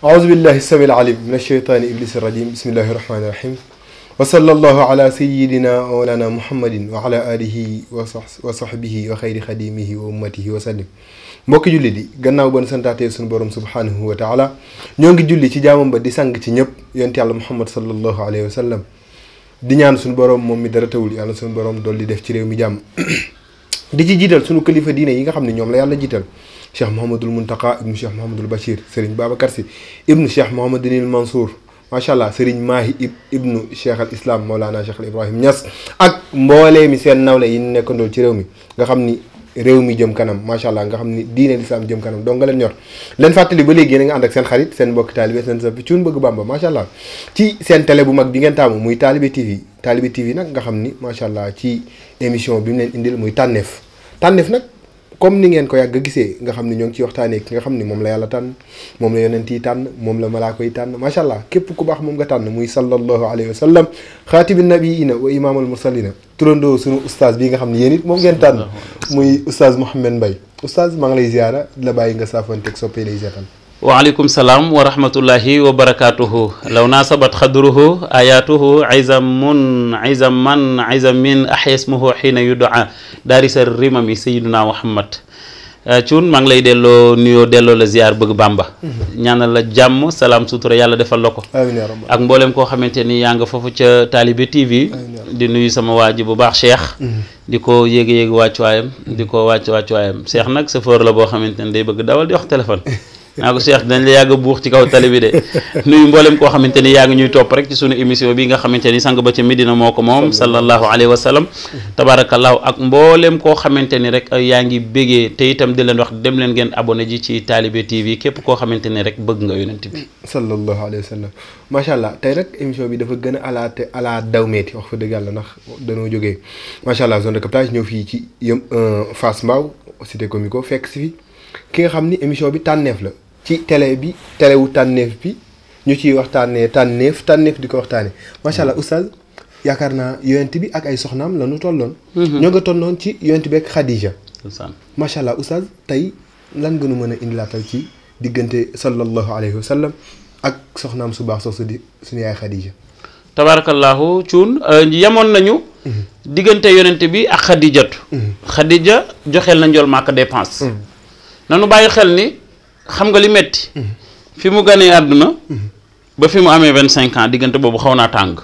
أعوذ بالله السميع العليم من الشيطان إبليس الرجيم بسم الله الرحمن الرحيم وصلى الله على سيدنا ولنا محمد وعلى آله وصحبه وخير خديمه وأمته وسلم موك جولي دي غناو بون سانتاتي سون بوروم سبحانه وتعالى نيوغي جولي سي جامم با دي سانغ سي نيب يونت يالله محمد صلى الله عليه وسلم دي نيان سون بوروم مومي دارا تاول يالله سون بوروم دولي ديف سي ريو مي جام دي جي جيتال سونو كليفه دين ييغا خامني نيوم لا يالله جيتال cheikh Mouhamadul Mountakha ibnu cheikh Mouhamadul Bachir Serigne Babacar Sy ibnu cheikh Mouhamadinil Mansour macha allah Serigne Mahi ibnu cheikh al islam Mawlana cheikh al Ibrahim Niass ak mboolee mi seen nawle yi nekkandoo ci réew mi nga xam ni réew mi jëm kanam macha allah nga xam ni diine lislaam jëm kanam donc nga leen ñor leen fàttali ba léegi yéen a nga ànd ak seen xarit seen mbokki taalibe seen sa cuun bëgg bàmba macha allah ci seen télé bu mag bi ngeen taamu muy Talibe TV Talibe TV nag nga xam ni macha allah ci émission bi mu leen indil muy tànneef tànneef nag. comme ni ngeen ko yàgg gisee nga xam ni ñoo ngi ciy waxtaanee ki nga xam ni moom la yàlla tànn moom la yonent yi tànn moom la malaaka yi tànn macha allah képp ku baax moom nga tànn muy sallallahu alayhi wa sallam xaatibi nabiina wa imaamul mursalina turandoo suñu oustaz bi nga xam ni yéen it moom ngeen tànn muy oustaz Mouhamed Mbaye oustaz maa ngi lay ziara la bàyyi nga saafanteeg soppee lay seetaan wa alaikum salam wa rahmatullahi wa barakatuhu law nasabat khadruhu ayatuhu Aizam aizam mun, aizamun aizaman aizamin ahyasmuhu hina yud'a dari sarima mi sayyiduna muhammad eh, ciun mang lay delo nuyo delo la ziar beug bamba Nyana mhm. la jamm salam sutura yalla defal lako amin ya rabbal ak mbollem ko xamanteni ya nga fofu ci talibe tv di nuyu sama waji bu baax cheikh diko yegge yegge waccu Di ko waccu waccu ayam cheikh nak sa la bo xamanteni day beug dawal di wax telephone naa ko seex dañ la yàgg a buux ci kaw tali bi de nuyu mboolem koo xamante ni yaa ngi ñuy topp rek ci sunu émission bi nga xamante ni sang ba ca Medina moo ko moom sallallahu alayhi wa sallam tabaarakallaahu ak mboolem koo xamante ni rek yaa ngi bégee te itam di leen wax dem leen ngeen abonné ji ci Talibe TV képp koo xamante ni rek bëgg nga yonent bi sallallahu alayhi wa sallam macha allah tey rek émission bi dafa gën a alaate ala daw meeti wax fa dëgg yàlla ndax danoo jógee macha allah zone de captage ñëw fii ci yëm euh, Fass Mbao cité comico fekk si fi ki nga xam ni émission bi tànneef la ci télé bi télé wu tànneef bi ñu ciy waxtaanee tànneef tànneef di ko waxtaane macha allah oustaz yaakaar naa yonent bi ak ay soxnaam la ñu tolloon. Mhm. ñoo nga tolloon ci yonent bi ak Khadija. macha allah oustaz tey lan nga nu mën a indilaatal ci diggante sallallahu alayhi wa sallam ak soxnaam su baax soosu di suñu yaay Khadija. tabarakallahu cuun euh, yemoon nañu. Mhm. diggante yonent bi ak Khadijatu. Khadija mhm. joxeel na njool maaka dépense. nanu bàyyi xel ni. xam nga li metti fi mu gane aduna ba fi mu amé 25 ans digënté bobu xawna tang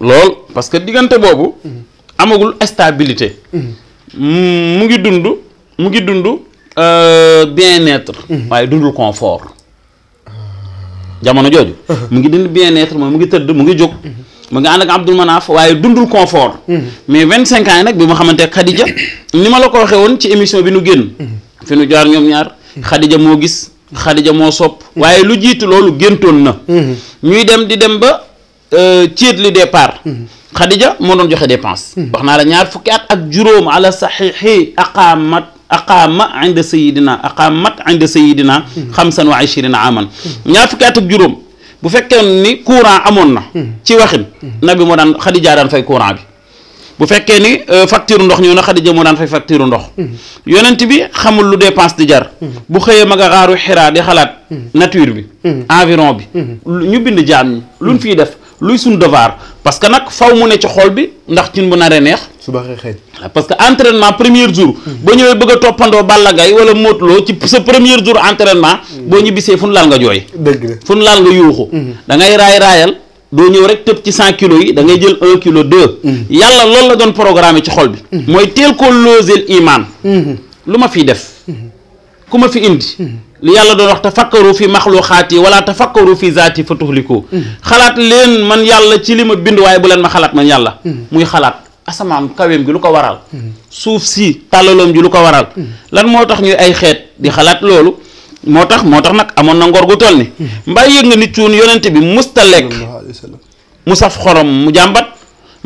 lool parce que digënté bobu amagul stabilité mu ngi dundu mu ngi euh bien-être waaye dundul confort jamono joju mu ngi dund bien-être mo mu ngi teud mu ngi jog mu ngi and ak Abdul Manaf waye dundul confort mais 25 ans nak bima xamanté Khadija nima la ko waxé won ci émission bi nu fi nu jaar ñom ñaar xadija moo gis xadija moo sopp waaye lu jiitu loolu géntoon na mm-hmm. ñuy dem di dem ba ceet euh, li départ mm-hmm. xadija moo doon joxe dépense mm-hmm. wax naa la ñaar fukki at ak juróom ala saxiixi aqaamat aqaama inda sayidina aqaamat inda sayidina xamsan wa ishirina aman ñaar fukki at juróom bu fekkee ni courant amoon na ci waxin nabi moo daan xadija daan fay courant bi bu fekkee ni euh, facture ndox ñoo na Xadija moo daan fay facture ndox mm-hmm. yonent bi xamul lu dépense di jar mm-hmm. bu xëyee ma nga xaaru xiraa di xalaat mm-hmm. nature bi environ bi ñu bind jaam ñi luñ fiy def luy suñ devoir parce que nag faw mu ne ci xool bi ndax cin bu naree neex suba xëy ah, parce que entraînement premier jour ba ñëwee bëgg a toppandoo Balla Gaye wala Modou ci sa premier jour entraînement boo ñibbisee fu nu laal nga jooy dëgg la fu laal nga yuuxu da ngay raay raayal doo ñëw rek tëb ci cent kilos yi da ngay jël un kilo de mm-hmm. yàlla loolu la doon programme ci xol bi. Mm-hmm. mooy teel koo looseel imaan. Mm-hmm. lu ma fi def. ku ma fi indi. li yàlla doon wax te tafakkaru fi maxluqaati wala tafakkaru fi zaati fa tuxliku xalaat leen man yàlla ci li ma bind waaye bu leen ma xalaat man yàlla. muy xalaat asamaan kaweem gi lu ko waral. suuf si tàllaloom ji lu ko waral. lan moo tax ñuy ay xeet di xalaat loolu. motax motax nak amon nag na ngor gu tolni ni mbaa nga ni cuun yonent bi mustalek musaf mu xorom mu jambat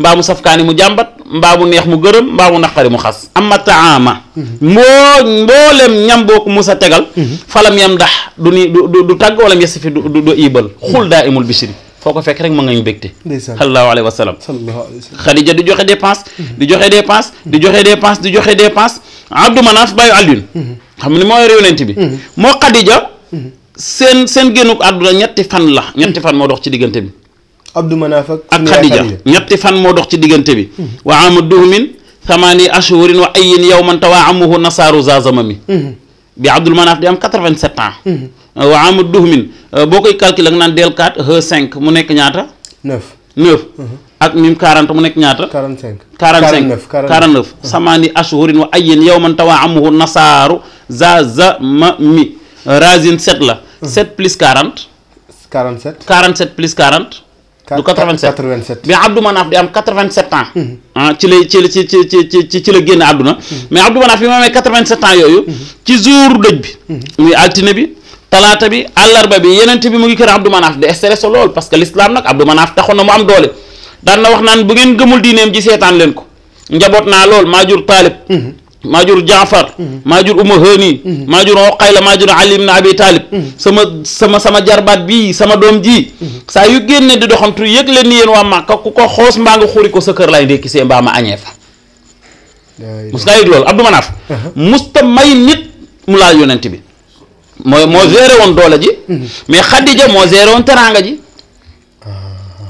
mba mu kani mu jambat mba mu neex mu geureum mba bu nakari mu khas amma taama mo mhm. mbolem ñam bok musa tegal mhm. falam yam dah du ni du tag wala yesi fi du do ibal khul mhm. daimul imul foko fek rek ma nga ñu bégte sallallahu alaihi wasallam khadija du joxe dépenses du joxe dépenses du joxe dépenses du joxe dépenses abdou manaf bayu aldin xam ni moo yore yonent bi mm-hmm. moo Xadija mm-hmm. seen seen génnu àdduna ñetti fan la mm-hmm. ñetti fan moo dox ci diggante bi Abdu Manaaf ak Xadija ñetti fan moo dox ci diggante bi wa amadduhumin thamani ashhurin wa ayin yawman tawaamuhu nasaaru zazamami bi Abdul Manaaf di am quatre-vingt-sept ans wa amadduhumin euh, boo koy calculer nga naan del 4 he 5 mu nekk ñaata 9 9 ak mim 40 mu nekk ñaata 45 45 49 49 samani ashhurin wa ayin yawman tawaamuhu nasaaru za za ma mi racine 7 la. 7 mhm. plus 40. 47 47 plus 40. du 87 87 mais Abdou Manaf di am 87 ans. Mhm. ah ci la ci la ci ci ci ci ci la génn àdduna. Mhm. mais Abdou Manaf bi mu amee 87 ans yooyu. ci jour dëj bi. muy altine bi talaata bi àllarba bi yeneen bi mu ngi kër Abdou Manaf di stressé lool parce que l'islam nag Abdou Manaf taxoon na mu am doole daan na wax naan bu ngeen gëmul diineem ji seetaan leen ko njaboot naa lool maa jur taalib. maa jur jaafar maa mhm. jur uma hëni maa mhm. jur oqayla maa jur ali ibn abi taalib mhm. sama sama sama jarbaat bi sama doom ji saa yu génne di doxantu yëg leen ni waa Màkka ku ko xoos mbaa ngi xuri ko sa kër laay ndékki see mbaa ma añee fa uh-huh. musta may nit mu laal yonent bi moo moo géré woon doole ji mais Xadija moo géré woon teraanga ji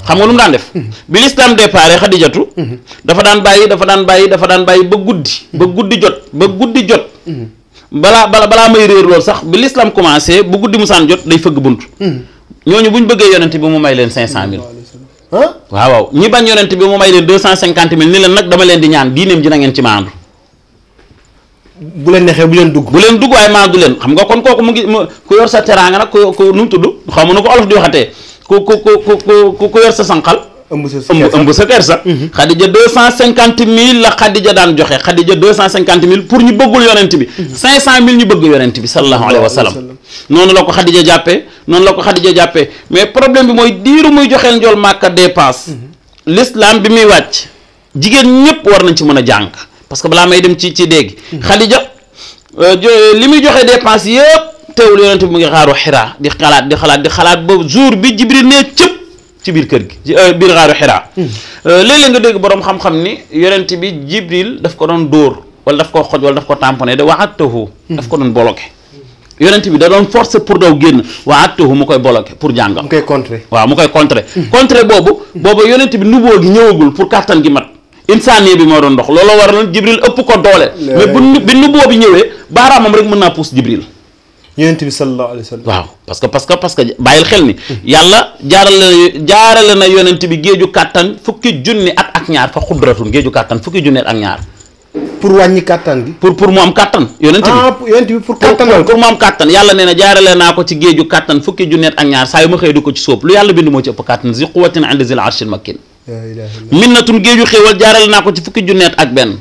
xam nga lu mu daan def hmm. bi l'islam déparé xadijatu hmm. dafa daan bayyi dafa daan bayyi dafa daan bayyi ba guddi hmm. ba guddi jot ba guddi jot bala bala bala may reer lol sax bi l'islam commencé bu guddi musan jot day feug buntu ñoñu buñ bëggé bëggee yonent bi mu may leen 500000 hein waaw waaw ñi bañ yonent bi mu may leen 250000 ni leen nak dama leen di ñaan diinem ji na ngeen ci maandu bu leen nexé bu leen dugg bu leen dugg waaye maandu leen xam nga kon koku mu ngi ku yor sa teraanga nag ku ku nu tuddu tudd nu ko olof di waxate ku ku ku ku ku yor sa sànqal. ëmb sa kersa ëmb sa kersa. Mhm. xadija deux cent cinquante mille la xadija daan joxe xadija deux cent cinquante mille pour ñu bëggul yonent bi. Mhm. cinq cent mille ñu bëgg yonent bi sallallahu alayhi wa sallam. noonu la ko xadija jàppee noonu la ko xadija jàppee mais problème bi mooy diiru muy joxeel njool màkka dépense. Mhm. l'islam bi muy wàcc. jigéen ñëpp war nañ ci mën a jàng parce que balaa may dem ci ci dégg. xadija euh, li muy joxe dépense yëpp. teewul yonent bi mu ngi xaaru xiraa di xalaat di xalaat di xalaat ba jour bi jibril ne cëpp ci biir kër gi euh, biir xaaru xiraa hmm. euh, léeg-léeg nga dégg boroom xam-xam ni yonent bi jibril daf ko doon dóor wala daf ko xoj wala daf ko tamponné de waxatahu hmm. daf ko doon bloqué yonent bi da doon forcé pour daw génn waxatahu mu koy bloqué pour jàngal mu koy contré waaw mu koy contré hmm. contré boobu boobu yonent bi nuboo gi ñëwagul pour kàttan gi mat insaniye bi moo doon dox looloo waraloon jibril ëpp ko doole mais bi nuboo bi ñëwee rek mën naa puus jibril yonent bi sallallahu alayhi wa sallam waaw parce que parce que parce que bàyyil xel ni yàlla jaarale jaarale na yonent bi géeju kàttan fukki junni ak ñaar fa xudratun géeju kàttan fukki junni ak ñaar pour wàññi kàttan pour pour ah, kàttan yàlla nee na jaarale naa ko ci géeju kàttan fukki junni ak ñaar saa yu ma xëy di ko ci sóob lu yàlla bind moo ci ëpp kàttan zi quwatin inda zil arshil makin minnatun géeju xéewal jaarale naa ko ci fukki junni ak benn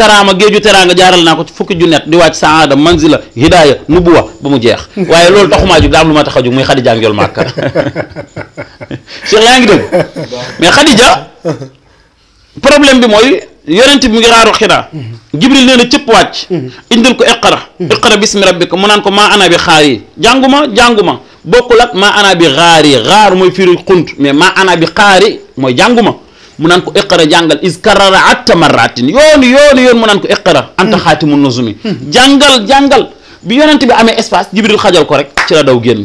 karaama géeju teraanga jaaral naa ko ci fukki junnet di wàcc saada manzila hidaaya nubuwa ba mu jeex waaye loolu taxumaa jug daa am lu ma tax a jug muy xadija njool màkka Cheikh yaa ngi dégg mais xadija problème bi mooy yonent bi mu ngi raaru xira jibril nee na cëpp wàcc indil ko iqara iqara bismi rabbika mu naan ko maa ana bi xaar yi jànguma jànguma bokkul ak maa ana bi xaar yi mooy firi xunt mais maa ana bi xaari mooy jànguma mu ekara ko iqra jangal is karara atta marratin yoonu yoonu yon mu naan ko iqra anta khatimun hmm. nuzumi hmm. jangal jangal bi yonent bi amé espace jibril khadjal ko rek ci la daw genn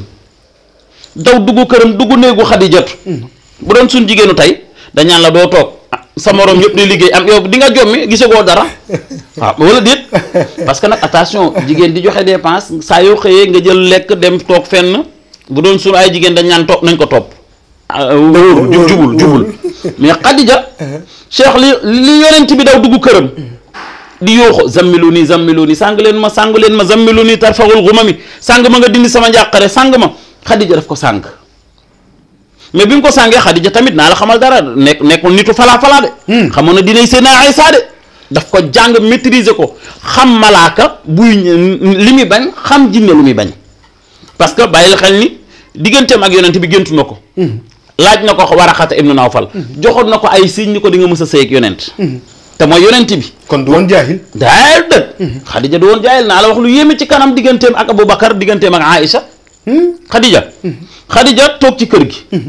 daw duggu kërëm duggu neegu hmm. bu sun jigenu tay da ñaan la do tok ah, sa morom yëpp di liggey am yow di nga jommi gisagoo dara waaw ah, wala dit parce que nak attention jigen di joxe dépense sa yo xeye nga jël lek dem tok fenn bu don sun ay jigen da ñaan tok nañ ko top Ah, jubul jubul mais Xadija cheikh li li yonent bi daw dugg këram di yooxo zammilu nii zammilu nii sàng leen ma sàng leen ma zammilu nii tarfaxul xumami sàng ma nga dindi sama njàqare sàng ma Xadija daf ko sàng mais bi mu ko sàngee Xadija tamit naa la xamal dara nekk nekkul nitu falaa falaa de hmm. xamoon na dinay seen ay saa de daf ko jàng maîtriser ko xam malaaka buy li muy bañ xam jinne lu muy bañ parce que bàyyil xel ni digganteem ak yonent bi géntu ko hmm. laaj na ko war a Waraxata ibnu Nawfal mhm. joxoon na ko ay signe ni ko di nga mës a sëy ak yonent mhm. te mooy yonent bi kon du woon jaahil daa dëgg mhm. Xadija du woon jaahil naa la wax lu yéeme ci kanam digganteem ak Aboubacar digganteem ak Aïcha hmm? Xadija Xadija toog ci kër gi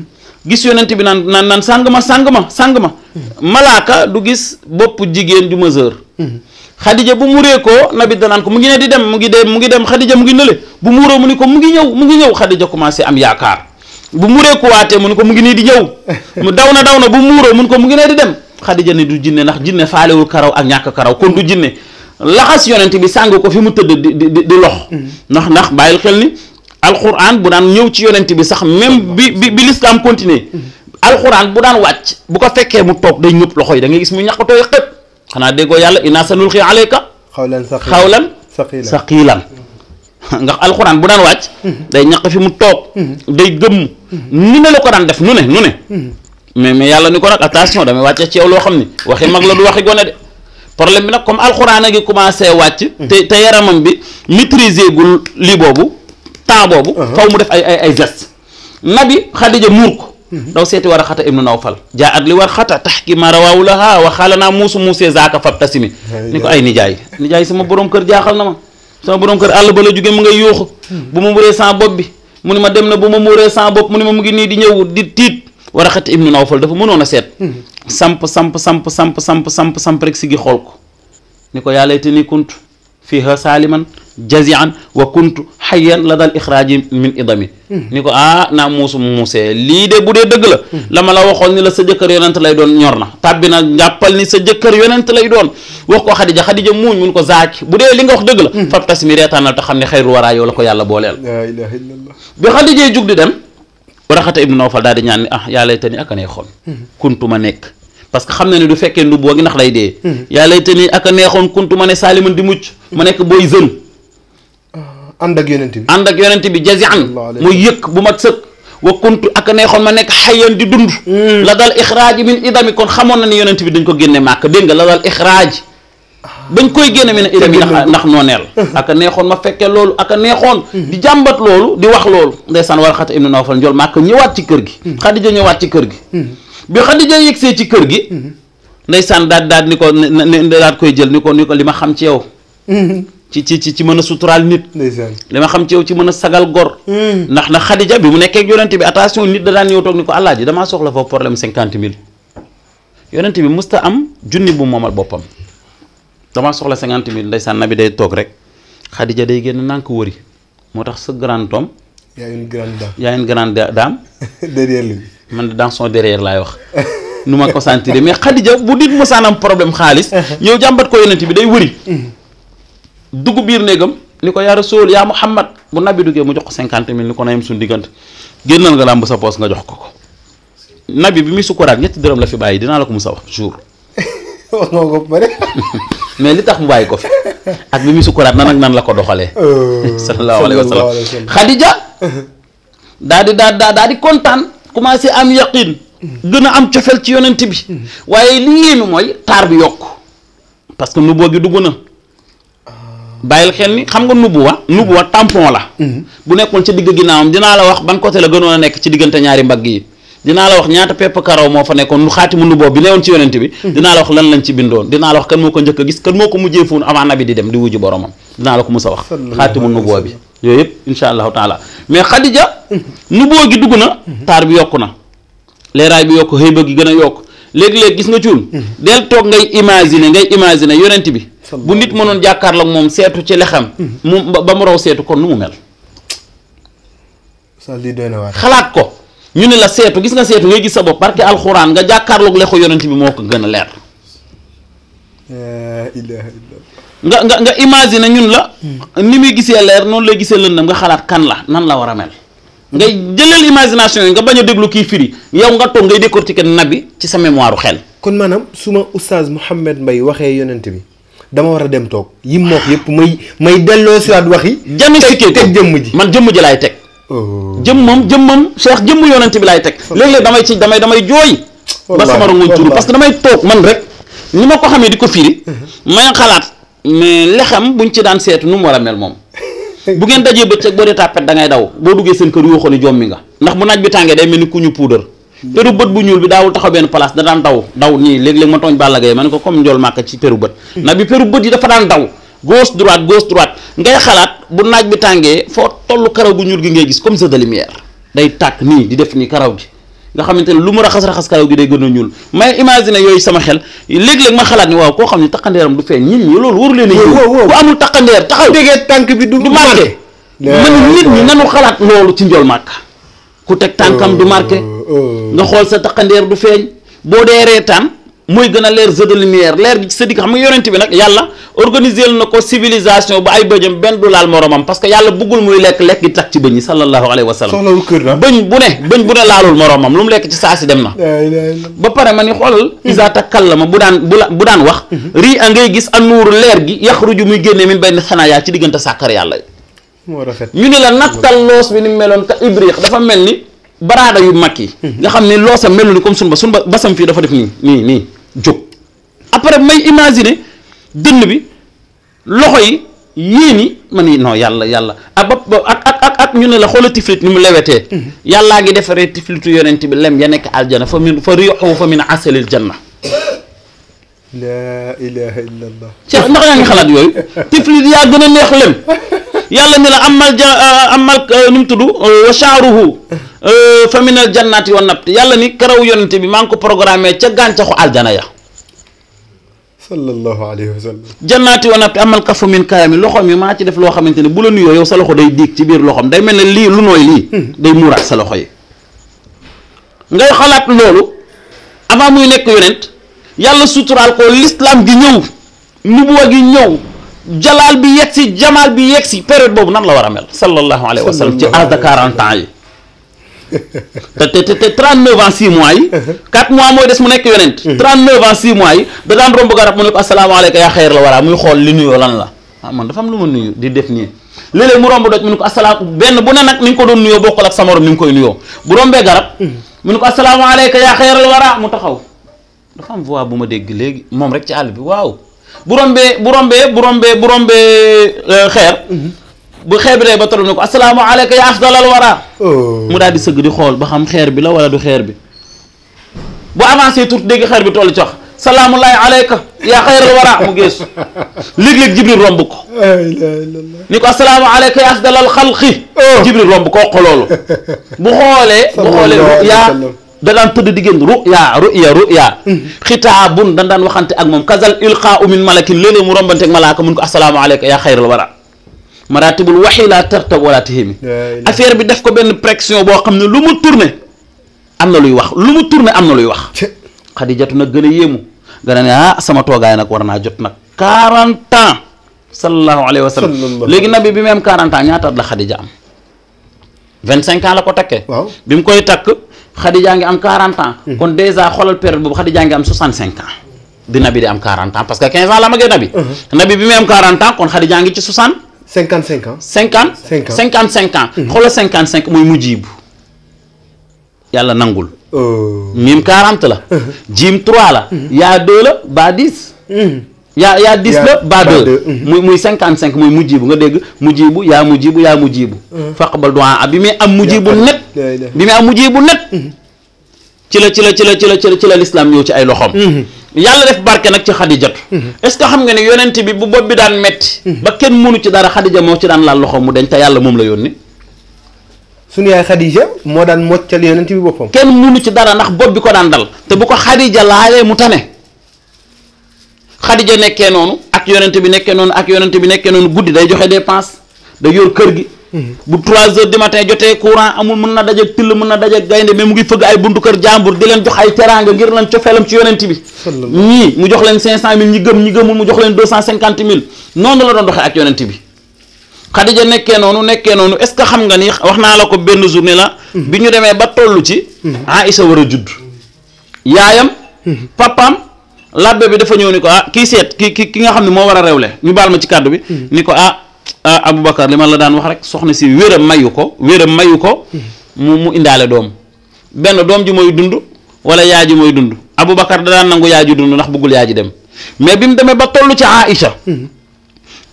gis yonent bi naan naan naan sàng ma sàng ma sàng ma malaaka du gis bopp jigéen ju mesure xadija bu muree ko bi danaan ko mu ngi ne di dem mu ngi dem mu ngi dem xadija mu ngi nële bu muuroo mu ni ko mu ngi ñëw mu ngi ñëw xadija commencé am yaakaar bu muuree kuwaatee mun ko mu ngi nii di ñëw mu daw na daw na bu muuroo mun ko mu ngi nee di dem xadija ni du jinne ndax jinne faalewul karaw ak ñàkk karaw kon du jinne laxas yonent bi sàng ko fi mu tëdd di di mm-hmm. ndax ndax bàyyil xel ni alxuraan bu daan ñëw ci yonent bi sax même bi bi bi l'islam continuer mm-hmm. alxuraan bu daan wàcc bu ko fekkee mu toog day ñëpp loxo yi da ngay gis mu ñàkkatooy xëpp xanaa déggoo yàlla inaa sanulqi alayka xawlan saqiilan ndax alxuraan bu daan wàcc. day ñaq fi mu toog. day gëmm. ni ne la ko daan def nu ne nu ne. mais mais yàlla ni ko nag attention damay wàcce ci yow loo xam ni waxi mag la du waxi gone de problème bi nag comme alxuraan a ngi commencé wàcc. te te yaramam bi maîtriser gul lii boobu temps boobu. Uh-huh. faw mu def ay ay ay gestes. nabi xadija muur ko. Hmm. daw seeti war a xata ibnu nawfal jaa at li war xata tax ki ma rawaawu la haa waxaala naa muusu muusee zaaka fab tasimi ni sama borom kër àll ba la jóge mu ngay yuuxu bu ma muuree sans bopp bi mu ni ma dem na bu ma muuree sans bopp mu ni ma mu ngi nii di ñëw di tiit war a xati ibnu nawfal dafa mënoon seet hmm. samp samp samp samp samp samp samp rek si gi xool ko ni ko yàlla te ni kunt fii ha saaliman jazian wa kuntu xayan la dal ixraaji min idami hmm. ni ko ah naa muusu muusee lii de bu dee dëgg la hmm. la ma la waxoon ni la sa jëkkër yonent lay doon ñor na tàbbi na njàppal ni sa jëkkër yonent lay doon wax ko xadija xadija muuñ mun ko zaak bu dee li nga wax dëgg la hmm. fab tas mi reetaanal te xam ne xayru waraa la ko yàlla booleel bi xadija jug di dem waraxata ibnu nawfal daal di ñaan ni ah yàlla te ni ak a neexoon kuntu ma nekk parce que xam na ne du fekkee ndu boo gi ndax lay dee yàlla ni ak a neexoon kuntu ma ne saaliman di mucc ma ànd ak yonent bi ànd ak yonent bi jazi an mu yëkk bu mat sëkk wa kuntu ak neexoon ma nekk xayan di dund hmm. la dal ixraaj min idami kon xamoon na ne yonent bi dañ ko génne màkk dégg nga la dal ixraaj bañ koy génne mi ne idami ndax ndax nooneel ak neexoon ma fekkee loolu ak neexoon hmm. di jàmbat loolu di wax loolu ndeysaan war xata ibnu nawfal njool màkk ñëwaat ci kër gi hmm. xadija ñëwaat ci kër gi bi xadija yegsee ci kër gi ndeysaan daal daal ni ko daal koy jël ni ni ko li ma xam ci yow ci ci ci mën a suturaal nit. li ma xam ci yow ci mën a sagal gor. Hmm. ndax na Xadija bi mu nekkee ak yonent bi attention nit da daan ñëw toog ni ko Alaaji damaa soxla foofu problème cinquante mille yonent bi musta am junni bu moomal boppam damaa soxla cinquante mille ndeysaan bi day toog rek Xadija day génn nànk wëri moo tax sa grand homme. y a une grande dame y a une grande dame. derrière lui man dans son derrière laay wax. nu ma ko sentir mais Xadija bu nit musaanam problème xaalis. ñëw jàmbat bi day wëri. Hmm. dugg biir néegam li ko yaa rasool yaa muhammad bu nabi duggee mu jox ko cinquante mille ni ko nayam suñu diggante génn nga sa poos nga jox ko ko nabi bi muy sukkuraat ñetti dërëm la fi bàyyi dinaa la ko musa wax jour mais li tax mu bàyyi ko fi ak bi muy sukkuraat nan ak nan la ko doxalee oh. sallallahu alayhi wa sallam xadija daa di daa daa daa di kontaan commencé am yaqin gën a am cofeel ci yonent bi mm-hmm. waaye li yéeme mooy taar bi yokk parce que nu boo gi dugg na bàyyil xel ni xam nga nubuwa nubuwa tampon la mm-hmm. bu nekkoon ci digg ginnaawam dinaa la wax ban côté la gënoon a nekk ci diggante ñaari mbagg yi dinaa la wax ñaata pepp karaw moo fa nekkoon nu xaati mu nubuwa bi newoon ci yonent bi mm-hmm. dinaa la wax lan lañ ci bindoon dinaa la wax kan moo ko njëkk a gis kan moo ko mujjee fuun avant nabi di dem di wuju boromam dinaa la ko mus a wax xaati mu nubuwa bi yooyu yëpp insha allahu taala mais xadija mm-hmm. nubuwa gi dugg na taar bi yokku na leeraay bi yokk xëyba gi gën a yokk léegi-léeg gis nga del toog ngay imaginer ngay imaginer yonent bi bu nit mënoon jàkkaarloo ak moom seetu ci lexam. Mhm. mu ba mu raw seetu kon nu mu mel. lii doy na waar xalaat ko ñu ne la seetu gis nga seetu ngay gis sa bopp parce barke alxuraan nga jàkkaarloog lexu yonent bi moo ko gën a leer. nga nga nga imaginer ñun la. Hmm. ni muy gisee leer noonu lay gisee lëndam nga xalaat kan la nan la war a mel. ngay hmm. jëleel imagination yi nga bañ a déglu kii firi yow nga toog ngay décortiquer nabi ci sa mémoire xel. kon maanaam su ma oustaz Mouhamed Mbaye waxee yonent bi. dama war a dem toog yim mook yëpp may may delloo si waat wax yi. teg teg jëmm ji man jëmm ji laay teg. Oh. jëm moom jëmmam Cheikh jëmm yonent bi laay teg. Oh. léeg-léeg damay ci damay damay jooy. ba sama rongoñ tuuru parce que damay toog man rek. ni ma ko xamee di ko firi. Uh-huh. may xalaat mais bu ñu ci daan seetu nu mu war a mel moom. bu ngeen dajee bëccëg boo dee tàppet da ngay daw boo duggee seen kër yoo xam ne jommi nga. ndax bu naaj bi tàngee day mel ni ku ñu puudar. peru bët bu ñuul bi daawul taxaw benn place da daan daw daw nii léeg-léeg ma tooñ Balla Gaye ma ne ko comme njool màkk ci peru bët hmm. na bi peru bët yi dafa daan daw gauche droite gauche droite ngay xalaat bu naaj bi tàngee foo toll karaw gu ñuul gi ngay gis comme ça de lumière day tàkk nii di def nii karaw gi nga xamante ne lu mu raxas raxas karaw gi day gën a ñuul may na yooyu sama xel léeg-léeg ma xalaat ni waaw koo xam ne taqandeeram du feeñ ñit ñi loolu waru leen a ku amul taqandeer taxaw déggee tànk bi du xalaat loolu ci njool màkk ku tek tànkam du marqué nga xol sa takandeer du feñ bo dé reetaan muy gëna lèr jeu de lumière lèr bi ci sëdik xam nga yoonent bi nak yàlla organiser na ko civilisation ba ay bëjëm ben du laal moromam parce que yàlla bëggul muy lek lek gi tak ci bëñ sallallahu alayhi wasallam wu kër na bëñ bu ne bëñ bu ne laalul moromam lu mu lek ci saasi dem na ba pare ma ni xoolal isa takallama bu daan bu daan wax ri a ngay gis an nuuru lèr gi yakhruju muy gënné min benn xanaa yaa ci digënta sàkkar yàlla ñu ni la nattal loos bi ni meloon te ibriq dafa mel ni baraada yu mag yi nga xam ne loosam melu ni comme sun ba sun ba basam fii dafa def nii nii nii jóg après may imaginer dënn bi loxo yi yéen yi ma ni non yàlla yàlla ak ba ak ak ak ak ñu ne la xoola tiflit ni mu lewetee yàllaa ngi defaree tiflitu yonent bi lem ya nekk aljana fa min fa riixu fa min asalil janna laa ilaha illa allah Cheikh ndax yaa ngi xalaat yooyu tiflit yaa gën a neex lem yàlla ni la amal ja euh, amal euh, nu mu tudd euh, wa shaaruhu fa min al jannaati yàlla ni karaw yonente bi maa ngi ko programmé ca gàncaxu aljana ya sallallahu alayhi wa sallam jannaati wa nabt amal kafu min karami loxoom maa ci def xamante ne bu la nuyoo yow sa loxo day diig ci biir loxoom day mel na lii lu nooy lii hmm. day muuraat sa loxo yi ngay xalaat loolu avant muy nekk yonent yàlla suturaal ko l'islam gi ñëw nubuwa gi ñëw jalaal bi yegg si jamaal bi yegg si période boobu nan la war a mel sallallahu alayhi wa sallam ci âge de 40 ans te te te te 39 ans 6 mooy des mu nekk yonent 39 mm-hmm. ans 6 mois yi da daan romb garab waraa xool li nuyoo la ah man dafa di def nii léeg-léeg mu romb doj benn bu ne nag ni nga doon nuyoo bokkul ak sa morom ni koy nuyoo bu rombee garab mm-hmm. mu ne ko asalaamaaleykum yaa xeer la waraa taxaw dafa am voix bu ma dégg léegi moom rek ci àll bi waaw bu rombee bu rombee bu rombee bu rombee xeer bu xeer bi dee ba tollu ne ko assalaamu aleyka ya afdalal wara mu daal di sëgg di xool ba xam xeer bi la wala du xeer bi bu avancé tuuti dégg xeer bi tollu cox salaamulaay aleyka yaa xayral wara mu geesu léeg-léeg jibril romb ko ni ko asalaamu aleyka yaa afdalal xalqi jibril romb ko xooloolu bu xoolee bu xoolee yaa dalan daan di génn ruya ruya ruya khitabun hmm. dan dan waxante ak mom kazal ilqa'u min malakin lene mu rombante ak malaka mun ko assalamu alayka ya khairul wara maratibul wahyi la tartab wala tahimi affaire bi def ko ben pression bo xamne ne lu mu luy wax lu mu luy wax ne ah sama tua nak warna jot nak 40 ans sallallahu alayhi wa sallam léegi nabi bi mem 40 ans ñaata la khadija am ans la ko takke bim koy Khadija ngi am 40 ans. Hmm. kon déjà xoolal période boobu Khadija ngi am 65 ans. bi Nabi di am 40 ans parce que 15 ans la magee Nabi. Hmm. Nabi bi muy am 40 ans kon Khadija ngi ci 60. 55 ans 50. 50 55 ans. Hmm. xoolal 55 mooy mujibu yàlla nangul. Oh. miim 40 la. jiim 3 la. yaa la ba 10. yaa yaa dix la ba deux muy muy cinquante cinq muy mujjibu nga dégg mujjibu yaa mujjibu yaa mujjibu mm. faqbal du'a ab bi muy am mujjibu net bi muy am mm-hmm. mujjibu net ci la ci la ci la ci la ci la ci la lislaam ñëw ci ay loxoom mm-hmm. yàlla def barke nag ci xadijatu mm-hmm. est-ce que xam nga ne yonent bi bu bopp bi daan metti ba kenn mënu ci dara xadija moo ci daan laal loxoom mu dañ te yàlla moom la yónni suñu yaay xadija moo daan moccal yonent bi boppam kenn mënu ci dara ndax bopp bi ko daan dal te bu ko xadija laalee mu tane Xadija nekkee noonu ak yonent bi nekkee noonu ak yonent bi nekkee noonu guddi day joxe dépense day yor kër gi. Mhm. bu 3 heures du matin jotee courant amul mën na dajag till mën na dajag gaynde mais mu ngi fëgg ay buntu kër jàmbur di leen jox ay teraanga ngir lan cofeelam ci yonent bi. ñii mu jox leen 500000 ñi gëm ñi gëmul mu jox leen 250000 noonu la doon doxee ak yonent bi. Xadija nekkee noonu nekkee noonu est ce que xam nga ni wax naa la ko benn journée la. Mhm. bi ñu demee ba toll ci. Mhm. Aïcha a judd. yaayam. papaam. labbe bi dafa ñëw ni ko ah ki seet ki ki ki nga xam ne moo war a rewle ñu baal ma ci kàddu bi hmm. ni ko ah ah Aboubacar li ma la daan wax rek soxna si wéram mayu ko wéram mayu ko hmm. mu mu indaale doom benn doom ji mooy dund wala yaay ji mooy dund Aboubacar da daan nangu yaay ji dund ndax bëggul yaay ji dem mais bi mu demee ba toll ci Aïcha hmm.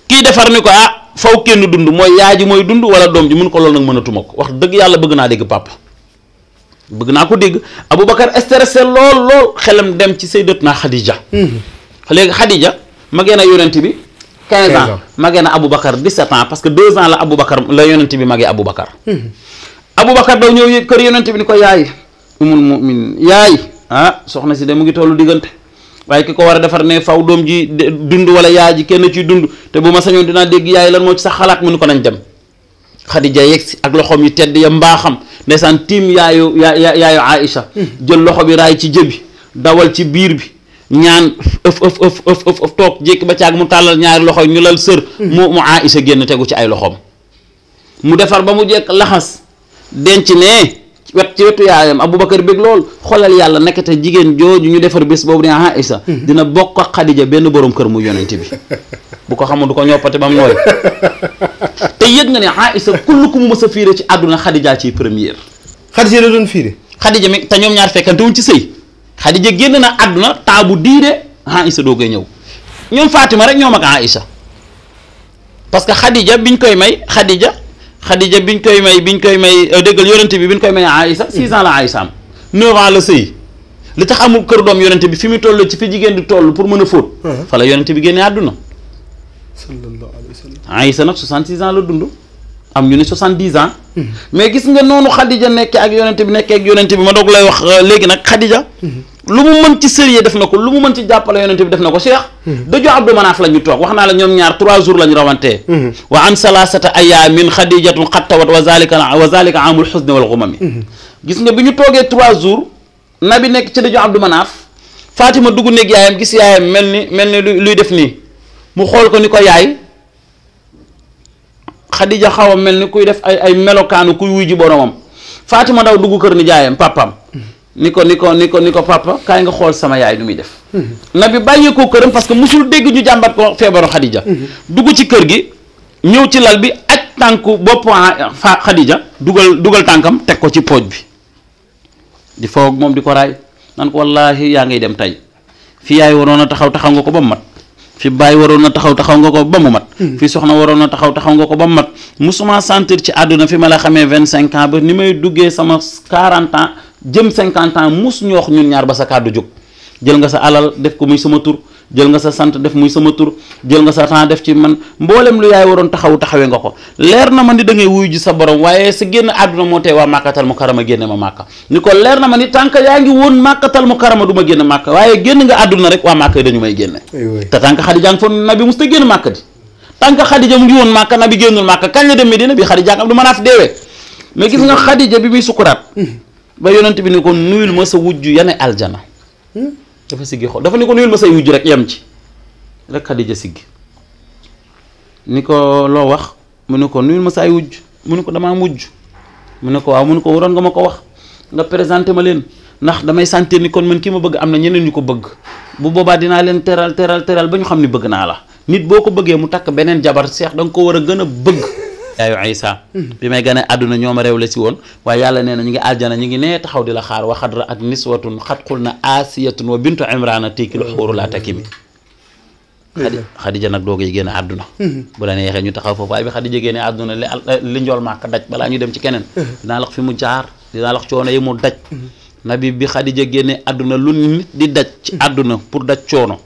kii defar ni ko ah faw kenn dund mooy yaay ji mooy dund wala doom ji mun ko lool nag mënatuma ko wax dëgg yàlla bëgg naa dégg papa bëgg na ko dégg aboubacar stressé lool lool xelam dem ci sayyidatna khadija mhm. léegi khadija magena na yonent bi 15 ans magena na aboubacar 17 ans parce que 2 ans la aboubacar la yonent bi magee aboubacar mhm. aboubacar do ñew kër yonent bi ni ko yaay umul mumin yaay ah soxna si dem ngi tollu digënté waye kiko wara défar né faw dom ji dund wala yaay ji kenn ci dund té bu ma sañoon dinaa dégg yaay lan mo ci sa xalaat mu ñu ko nañ dem khadija ak loxom yu tedd ya mbaxam ndeysaan tiim yaayu yaa yaayu Aïcha hmm. jël loxo bi raay ci jëbi dawal ci biir bi ñaan ëf ëf ëf ëf ëf ëf toog jékki ba caag mu tàllal ñaari loxo ñu lal sër hmm. mu mu Aïcha génn tegu ci ay loxoom mu defar ba mu jekk laxas denc ne wet ci wetu yaayam Aboubacar bég lool xoolal yàlla nekkate jigéen jooju ñu defar bés boobu ne ah Isa mhm. dina bokk ak Xadija benn borom kër mu yonente bi bu ko xamul du ko ñoppate ba mu nooy te yëg nga ne ah Isa kullu ku ma sa fiire ci àdduna Xadija ci première Xadija la doon fiire Xadija mi te ñoom ñaar fekkante wuñ ci sëy Xadija génn na àdduna taabu diide ah Isa doo koy ñëw ñoom Fatima rek ñoom ak ah Isa parce que Xadija biñ koy may Xadija Khadija biñ koy may biñ koy may euh, déggal yonente bi biñ koy may Aïssa six ans la Aïssa am neuf ans la sëy li tax amul kër doom yonente bi fi mu toll ci fi jigéen di toll pour mën a fóot uh-huh. fa la bi génne àdduna sallallahu alayhi wa sallam Aïssa nag soixante-six ans la dund am ñu ne soixante-dix ans mais gis nga noonu Xadija nekkee ak yonente bi nekkee ak yonente bi ma doog lay wax euh, léegi nag Xadija lu mu mën ci sérieux def na ko lu mu mën ci jàppale yonente bi def na ko Cheikh daju Abdou Manaaf la ñu toog wax naa la ñoom ñaar trois jours la ñu rawantee wa an salasata ayamin xadijatun xattawat wa zalika wa zalika amul xusni wal xumami gis nga bi ñu toogee trois jours bi nekk ci daju Abdou Manaaf Fatima dugg néeg yaayam gi yaayam mel ni mel ni luy def nii mu xool ko ni ko yaay Khadija xaw a mel ni kuy def ay ay melokaanu kuy wuy ji boromam Fatima daw dugg kër ni jaayam papaam ni ko ni ko ni ko ni ko papa kaay nga xool sama yaay nu muy def nabi bàyyi ko këram parce que musul dégg ñu jàmbat ko feebaru Khadija dugg ci kër gi ñëw ci lal bi aj tànku bopp ah, fa Khadija dugal dugal tànkam teg ko ci pooj bi di foog moom di ko raay nan ko wallaahi yaa ngay dem tey fii yaay waroon a taxaw taxaw nga ko ba mu mat fi bàyyi waroon na taxaw taxaw nga ko ba mu mat hmm. fi soxna waroon na taxaw taxaw nga ko ba mu mat musuma sentir ci àdduna fi ma la xamee vingt cinq ans ba ni may duggee sama quarante ans jëm cinquante ans mus ñoox ñun ñaar ba sa kàddu jóg jël nga sa alal def ko muy sama tour jël nga sa sant def muy sama tour jël nga sa temps def ci man mbollem lu yaay waron taxaw taxawé nga ko leer na man di da ngay wuyu ji sa borom wayé sa génn aduna mo téwa makatal màkkatal génné ma makka niko ko na man ni tànk yaangi won makatal màkkatal duma génné makka wayé génn nga aduna rek wa makka dañu may génné ta khadija ngi fon nabi musta génn makka di tànk khadija mu ngi won makka nabi génnul makka kan la dem medina bi khadija abdou manaf mën mais gis nga khadija bi muy sukurat hmm. ba yonent bi ni ko nuyul ma sa wujju aljana hmm. dafa siggi xool dafa ni ko nuyul ma say wujj rek yem ci rek ja siggi ni ko loo wax mu ne ko nuyul ma say wujj mu ne ko damaa mujj mu ne ko waaw mu ne ko waroon nga ma ko wax nga présenté ma leen ndax damay sentir ni kon man ki ma bëgg am na ñeneen ñu ko bëgg bu boobaa dinaa leen teral teral teral ba ñu xam ni bëgg naa la nit boo ko bëggee mu takk beneen jabar seex danga ko war a gën a bëgg yaayu saa bi may gane àdduna ñoo ma réew si woon waaye yàlla nee na ñu ngi aljana ñu ngi nee taxaw di la xaar waxadra ak niswatun xatxul na asiyatun wa bintu imrana tiikil xuuru laa takimi xadija nag doog a génn àdduna mm-hmm. bu la neexee ñu taxaw foofu waaye bi xadija génne àdduna li li njool màkk daj balaa ñu dem ci keneen mm-hmm. dinaa lax fi mu jaar dinaa lax coono yi mu daj mm-hmm. nabi bi xadija génne àdduna lu nit di daj ci àdduna pour daj coono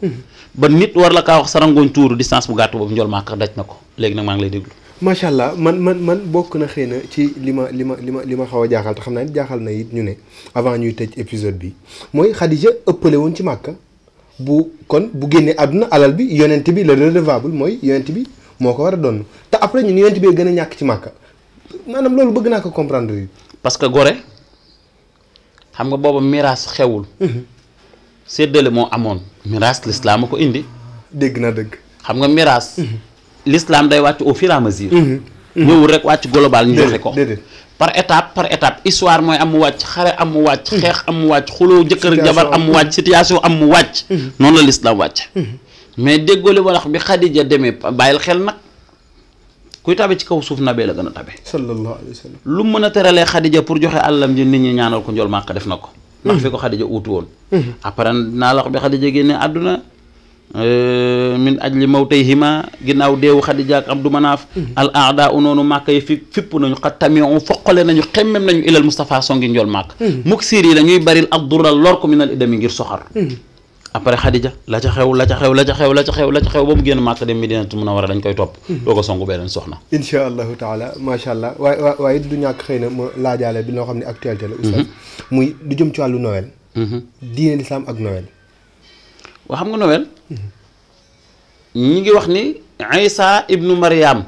ba nit war la kaa wax sarangooñ tuuru distance bu gàtt boobu njool màkk daj na ko léegi nag maa ngi lay déglu macha allah man man man bokk na xëy na ci li ma li ma li ma li ma xaw a jaaxal te xam naa ni jaaxal na it ñu ne avant ñuy tëj épisode bi mooy Xadija ëppale woon ci màkka bu kon bu génnee àdduna alal bi yonent bi la redevable mooy yonent bi moo ko war a doon te après ñun yonent bee gën a ñàkk ci màkka maanaam loolu bëgg naa ko comprendre yi parce que gore xam nga booba miraas xewul mhm. séddale moo amoon miraas lislaam a ko indi dégg na dëgg xam nga miraas mhm. l'islam day wàcc au fur et mhm. Mhm. ñëwul rek wàcc global ñu joxe ko. par étape par étape histoire mooy am mu wàcc xare am mu wàcc. Mhm. xeex am mu wàcc xuloo jëkkër jabar am mu wàcc situation am mu wàcc. noonu la l'islam wàcc. mais déggoo li wax bi Xadija demee bàyyil xel nag kuy tabe ci kaw suuf nabee la gën a tabe. sallallahu alayhi wa sallam lu mën a teralee Xadija pour joxe àllam ji nit ñi ñaanal ko njool màkk def na ko. ndax fi ko Xadija uutu woon. après naa la bi Xadija génne من أجل موتهما جناو ديو خديجة عبد مناف الأعداء أنو ماك يفيب نو يقتامي أو فقلا نو يقمم نو إلى المستفع سونجين جول ماك مكسيري نو يبرر الأضرار اللورك من الإدمينجير سحر أبارك خديجة لا تخاو لا تخاو لا تخاو لا تخاو لا تخاو بوم جين ماك دم مدينة منورة لين كي توب لوكو سونجو بيرن سخنا إن شاء الله تعالى ما شاء الله وااا وايد الدنيا كخينة لا جاله بنو كمني أكتر تلو أستاذ مي دجوم تشالو نويل دين الإسلام أجنويل waa xam nga Noël ñi ngi wax ni Isa ibnu Mariam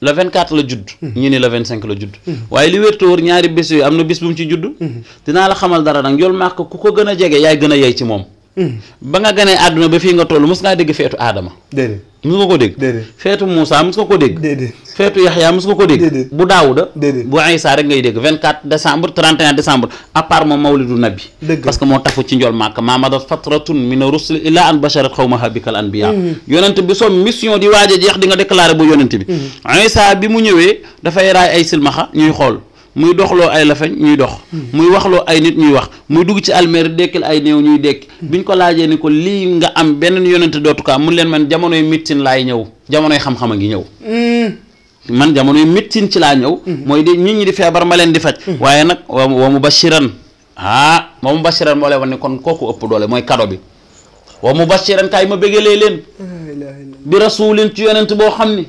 le 24 la judd ñu ni le 25 la judd waaye li wér te wóor ñaari bés yooyu am na bés bu mu ci juddu dinaa la xamal dara nag yool màkk ku ko gën a jege yaay gën a yey ci moom ba nga ganee àdduna ba fii nga toll mos ngaa dégg feetu aadama déedéet mos nga ko dégg déedéet feetu Moussa mos nga ko dégg déedéet feetu Yaxya mos nga ko dégg bu Daawuda bu Isa rek ngay dégg 24 décembre 31 décembre à part moom mawlidu nabi parce que moo tafu ci njol màkk maamadat fatratun mina rusul illa an basharat xawmaha bikal anbiya mm-hmm. yonent bi soo mission di waaj a jeex di nga déclaré bu yonent bi mm-hmm. Isa bi mu ñëwee dafay raay ay silmaxa ñuy xool muy doxloo ay lafañ ñuy dox hmm. muy waxloo ay nit ñuy wax muy dugg ci almeer dekkil ay néew ñuy dekk hmm. biñ ko laajee ni ko lii nga am benn yonente dootu ko mun leen man jamonoy médecine laay ñëw jamonoy xam a ngi ñëw hmm. man jamonoy médecine ci laa ñëw mooy de nit ñi di feebar ma leen di faj waaye nag wa mubashiran ah wa mubashiran moo lay wan ne kon kooku ëpp doole mooy kado bi wa mubashiran kaay ma bégalee leen bi rasulin ci yonent boo xam ni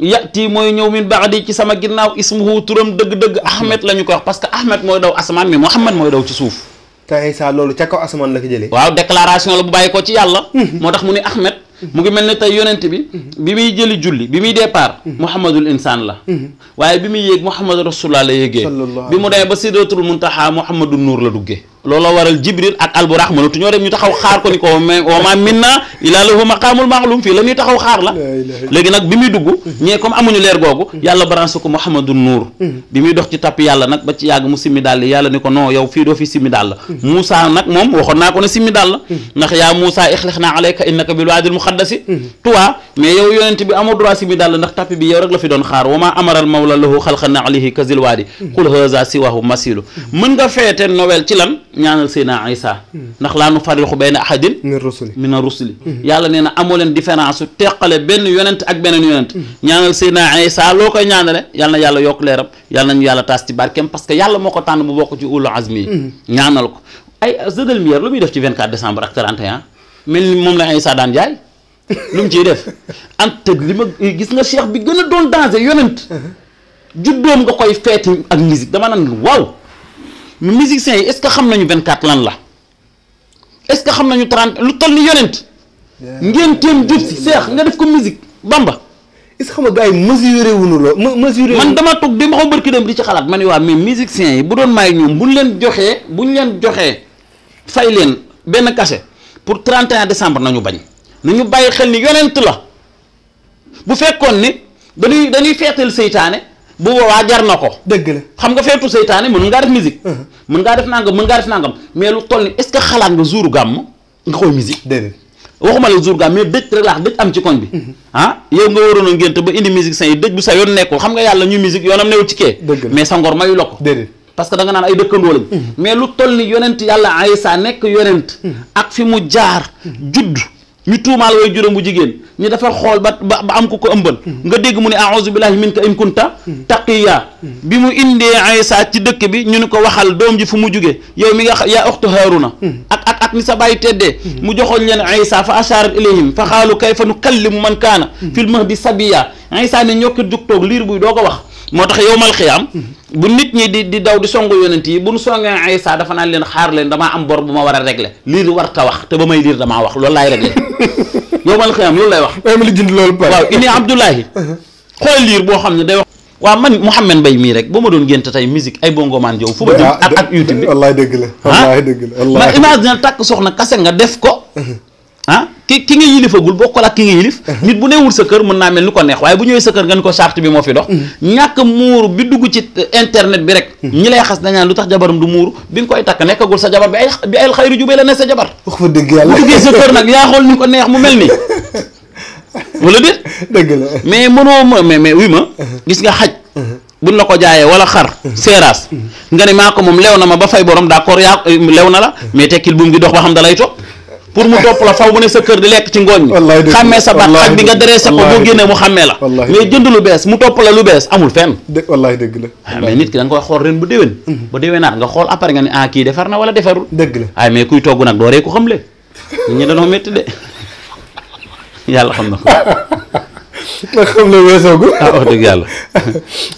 yati mooy ñëw min baxdi ci sama ginnaaw ismuhu turam dëgg-dëgg ahmed lañu ko wax parce que ahmed mooy daw asamaan mais muhammad mooy daw ci suuf te Isa loolu ca kaw asamaan la ko jëlee waaw déclaration la bu bàyyi ko ci yàlla mhm. moo tax mu ne ahmed mu ngi mel ne tey yonent bi mhm. bi muy jëli julli bi muy départ mhm. muhammadul insaan la waaye bi muy yéeg muhammad rasulullah la yéegee bi mu demee ba sidratul muntaha muhammadul nuur la duggee lolo waral jibril ak alburax mënatu ñoo dem ñu taxaw xaar ko ni ko wa ma minna ila lahu maqamul ma'lum fi la ñuy taxaw xaar la legi nak bi muy dugg ñee comme amuñu leer gogou yàlla branché ko muhammadun nur bi muy dox ci tap yàlla nak ba ci yag mu simmi yàlla ni ko non yow fi do fi simi dal musa nak mom waxon waxoon ko ne simmi dàll la ndax alayka innaka bil waadil muqaddasi toi mais yow yonent bi amu droit simi dal nak tap bi yow rek la fi don xaar wa ma amaral mawla lahu xalqa alayhi kazil wadi qul haza siwahu masil mën nga fete noël ci lan ñaanal sayna Isa ndax la nu farriqu bayna ahadin min rusuli min rusuli yàlla neena amolen différence su ben yonent ak beneen yonent ñaanal sayna Isa loko ñaanale yalla na yàlla yokk leeram yalla nañu yàlla tass ci barkem parce que yàlla moko tan bu bok ci ulul azmi ñaanal ko ay zedel mier lu muy def ci 24 décembre ak 31 mel ni moom la Isa dan jaay lu mu ciy def ante li ma gis nga cheikh bi gëna don danger yonent juddom nga koy fete ak musique dama nan waaw mais musiciens yi est-ce que xam nañu 24 lan la est-ce que xam nañu trent lu toll ni yonent. ngeen teem jub seex nga def ko musique bamba. est xam nga gars yi mesuré wuñu la ma mesuré man dama toog di ma xaw barki dem di ci xalaat ma ni ne waa mais musiciens yi bu doon maay ñoom ñu leen joxee ñu leen joxee fay leen benn cachet pour 31 décembre nañu bañ nañu bàyyi xel ni yonent la bu fekkoon ni dañuy dañuy feetal seytaane. bu boobaa jar ko. la xam nga feetu seytaane mën ngaa def musique. mën ngaa def nangam mën ngaa def nangam mais lu toll ni est ce que xalaat nga jouru gàmm nga koy musique. déedéet waxuma la jour mais rek am ci bi. ah yow nga waroon a ba indi musique sa yi bu sa yoon nekkul xam nga yàlla ñuy musique yoonam newu ci kee. mais sa mayu la ko. parce que da nga naan ay dëkkandoo lañ. mais lu toll ni yonent yàlla Aysa nekk yonent. ak fi mu jaar judd ñu tuumaal way juróom bu jigéen ñu dafa xool ba ba am ko ko ëmbal mm-hmm. nga dégg mu ne a'uuzu billahi minka in kunta mm-hmm. taqiya mm-hmm. bi mu indee Aysa ci dëkk bi ñu ne ko waxal doom ji fu mu jógee yow mi nga yaa oxtu Haaruna na ak ak ni sa bàyyi teddee mu joxoon leen Aysa fa asharat ilayhim fa xaalu kayfa mu man kaana fil mahdi sabiya Aysa ne ñokki jug toog liir buy doo ko wax moo tax yowmal xiyaam bu nit ñi di di daw di songu yonent yi bu nu songee Aysa dafa leen xaar leen damaa am bor bu ma war a régler liir war ta te ba may liir damaa wax loolu laay régler yow mal xiyaam loolu lay wax. ma li jënd loolu pare waaw inni Abdoulahi. Uh-huh. xool liir boo xam ne day wax. waaw man Mouhamed Mbaye mii rek boo ma doon gént tey musique ay bongomaan yow fu ma jëm ah, ak ak YouTube bi wallaay dëgg la ah? wallaay dëgg la. wallaay ma imagine takk soxna kase nga def ko. Uh-huh. ki ki nga yilifagul bokkul ak ki nga yilif nit bu newul sa keur mën na mel ni ko neex waye bu ñewé sa keur ko charte bi mo fi dox ñak bi dugg ci eh, internet bi rek ñi lay xass dañaan lu tax jabaram du muuru bi nga koy takk nekkagul sa jabar bi ay bi ay khairu jubee la ne sa jabar wax fa deug yalla bu sa keur nak ya xol ni ko neex mu melni wala dit deug la mais mëno mais mais oui ma gis nga xaj buñ la ko jaayé wala xar séras nga ni mako mom ma ba fay borom d'accord ya lew la mais tekkil buum gi dox ba xam dalay top pour mu topp la faw mu ne sa kër di lekk ci ngooñ mi xàmmee sa baat ak bi nga dressé ko boo génnee mu xàmmee la mais jënd lu bees mu topp la lu bees amul fenn wallaay dëgg la ah, mais nit ki da koy xool ren bu déwén mhm. ba déwénaat nga xool après nga ne ah kii defar na wala defarul dégg la waaye ah, mais kuy togg nag dooree ko xam le nit ñi danoo métti de yàlla xam na ko nga xam ne weesoogu ah wax dëgg yàlla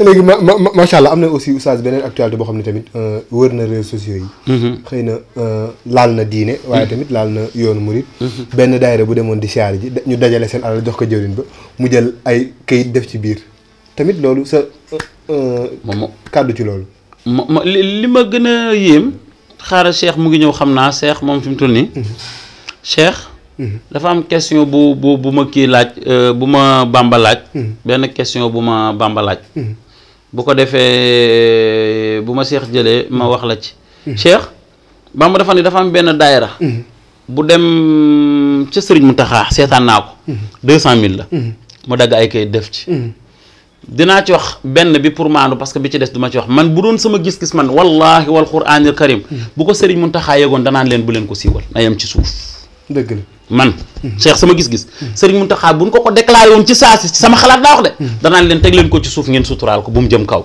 léegi ma ma macha allah am na aussi oustaz beneen actualité boo xam ne tamit wër na réseaux sociaux yi xëy na laal na diine waaye tamit laal na yoonu murit benn daayira bu demoon di siyaar ji ñu dajale seen alal jox ko jëwriñ ba mu jël ay kayit def ci biir tamit loolu sa moom kàddu ci loolu mo li ma gën a yéem xaaral cheikh mu ngi ñëw xam naa cheikh moom fi mu toll nii cheikh dafa am question bu bu bu ma kii laaj euh, bu ma bàmba laaj. Hmm. benn question bu ma bàmba laaj. Hmm. bu ko defee bu ma Cheikh jëlee ma hmm. wax la ci. Cheikh bàmba dafa ne dafa am benn daayira. bu dem ca mu Mountakha seetaan naa ko. 200000 la. mu dagg ay kay def ci. dinaa ci wax benn bi pour maandu parce que bi ci des duma ci wax man bu doon sama gis-gis man wallahi wal quraanil karim bu ko Serigne Mountakha yegoon danaa leen bu leen ko siiwal na yem ci suuf. dëgg man Cheikh sama gis-gis Serigne bu buñ ko ko déclaré woon ci saa si sama xalaat daa wax de danaan leen teg leen ko ci suuf ngeen suturaal ko bu mu jëm kaw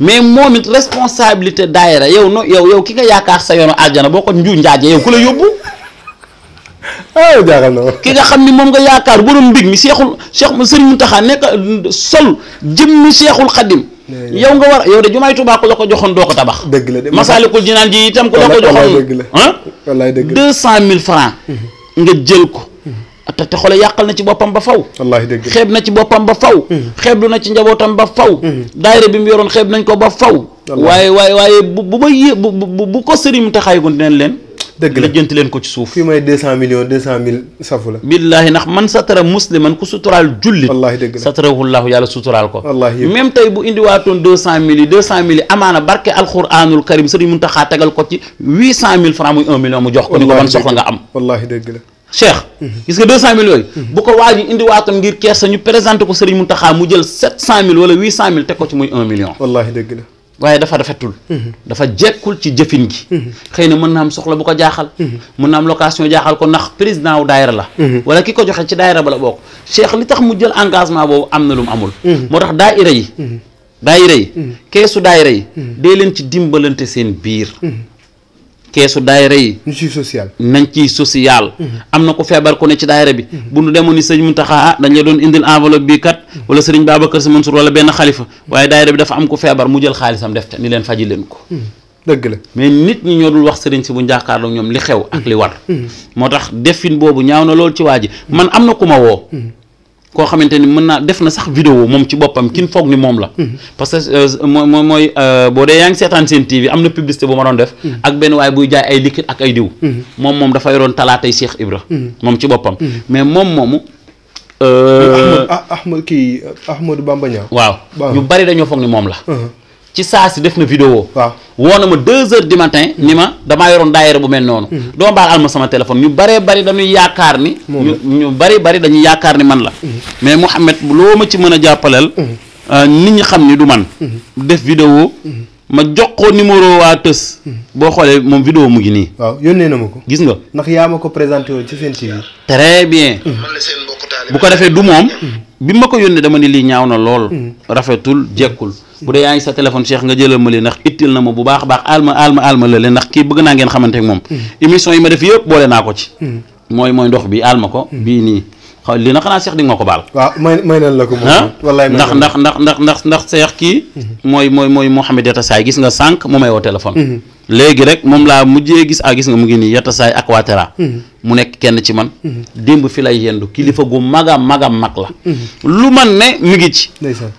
mais moom it responsabilité daayira yow no yow yow ki nga yaakaar sa yoonu aljana boo ko nju njaaje yow ku la yóbbu ah jaaxal na ki nga xam ni moom nga yaakaar borom mbig mi seexul seex Serigne Mountakha nekk sol jëmmi seexul xadim yow nga war yow de jumaay Tuubaa ku la ko joxoon doo ko tabax. dëgg la Masaalikul Jinaan ji itam ku la ko joxoon. wallaay dëgg la ah. wallaay cent mille francs. nga jël ko te te xoole yàqal na ci boppam ba faw wallaahi dëgg xeeb na ci boppam ba faw mm. xeeblu na ci njabootam ba faw mm. daayira bi mu yoroon xeeb nañ ko ba faw waaye waaye waaye bu bu ma yé bu bu ko sëriñ taxaay gu neen leen dëgg la lijjanti leen ko ci suuf. fii may 200 millions 200 mille safu la. billaahi ndax man satara musliman ku suturaal jullit. wallaahi dëgg la satarahullaahu yàlla suturaal ko. wallaahi même tey bu indiwaatoon 200 mille yi 200 mille yi amaana barke alxuraanul karim sëriñ Muntaxa tegal ko ci 800 mille franc muy 1 million mu jox ko. ni ko ban soxla nga am. wallaahi dëgg la. cheikh gis nga 200000 yooyu. bu ko waaj a indiwaatoon ngir kees ñu présenté ko sëriñ Muntaxa mu jël 700000 wala 800000 teg ko ci muy 1 million. wallaahi dëgg la. waaye dafa rafetul. Mhm. dafa jekkul ci jëfin gi. Mhm. xëy na mën na am soxla bu ko jaaxal. Mhm. mën na am location jaaxal ko ndax président wu daayira la. wala ki ko joxee ci daayira ba la bokk. Cheikh li tax mu jël engagement boobu am na lu mu amul. moo tax daayira yi. daayira yi. keesu daayira yi. dee leen ci dimbalante seen biir. keesu daayira yi. ñu ciy social. nañ ciy social. Mm-hmm. am na ko feebar ku ne ci daayira bi. Mm-hmm. bu nu demoon ni sëñ Muntaxa ah dañ la doon indil enveloppe bi kat. Mm-hmm. wala sëriñ Babacar Si Mansour wala benn xalifa. waaye daayira bi dafa am ko feebar mu jël xaalisam def te ni leen faji leen ko. dëgg la mais nit ñi ñoo dul wax sëriñ si bu njàkkaarloo ñoom li xew ak li war. moo tax defin boobu ñaaw na lool ci waa ji. man am na ku ma woo. koo xamante ni mën naa def na sax vidéo moom ci boppam kin foog ni moom la. Mm-hmm. parce que euh, mooy mooy euh, mooy boo dee yaa ngi seetaan seen TV am na publicité bu ma doon def. Mm-hmm. ak benn waay buy jaay ay liquide ak ay diw. Mm-hmm. moom moom dafa yoroon talaatay Cheikh Ibra. moom ci boppam. mais moom moomu. Ahmad euh, ah, Ahmad kii Ahmadou Bamba Niang waaw ñu bari dañoo foog ni moom la. Uh-huh. ci saa si def na vidéo waaw woo na ma deux heures du matin ni ma mm-hmm. damaa yoroon daayira bu mel noonu mm-hmm. doo baal alma sama téléphone ñu baree bari dañuy yaakaar ni ñu bari bari dañuy yaakaar ni man la mm-hmm. mais Mouhamed loo ma ci mën a jàppaleel euh, nit ñi xam ni du man def vidéo ma jox ko numéro waa tës. Hmm. boo xoolee moom vidéo mu ngi nii. waaw yónnee na ma ko. gis nga. ndax yaa ma ko présenté woon ci seen TV. très bien. Hmm. bu ko defee du moom. Hmm. bi ma ko yónnee dama ne lii ñaaw na lool. rafetul jekkul. bu dee yaa ngi sa téléphone Cheikh nga jëlal ma leen ndax itteel na ma bu baax a baax alma alma alma la leen ndax ki bëgg naa ngeen xamante ak moom. émission yi ma def yëpp boole naa ko ci. mooy mooy ndox bi alma ko. bii nii. xaw lii na xanaa seex di nga ko baal. waaw may may nañ la ko moom. wallaay may nañ ndax ndax ndax ndax ndax seex kii. mooy mooy mooy Mouhamed Yatassay gis nga sànq mu may woo téléphone. léegi rek moom laa mujjee gis ah gis nga mu ngi nii yatasaay Aquatera mhm. mu nekk kenn ci man mhm. démb fi lay yendu kilifa gu maga magam mag la mhm. lu man ne mu ngi ci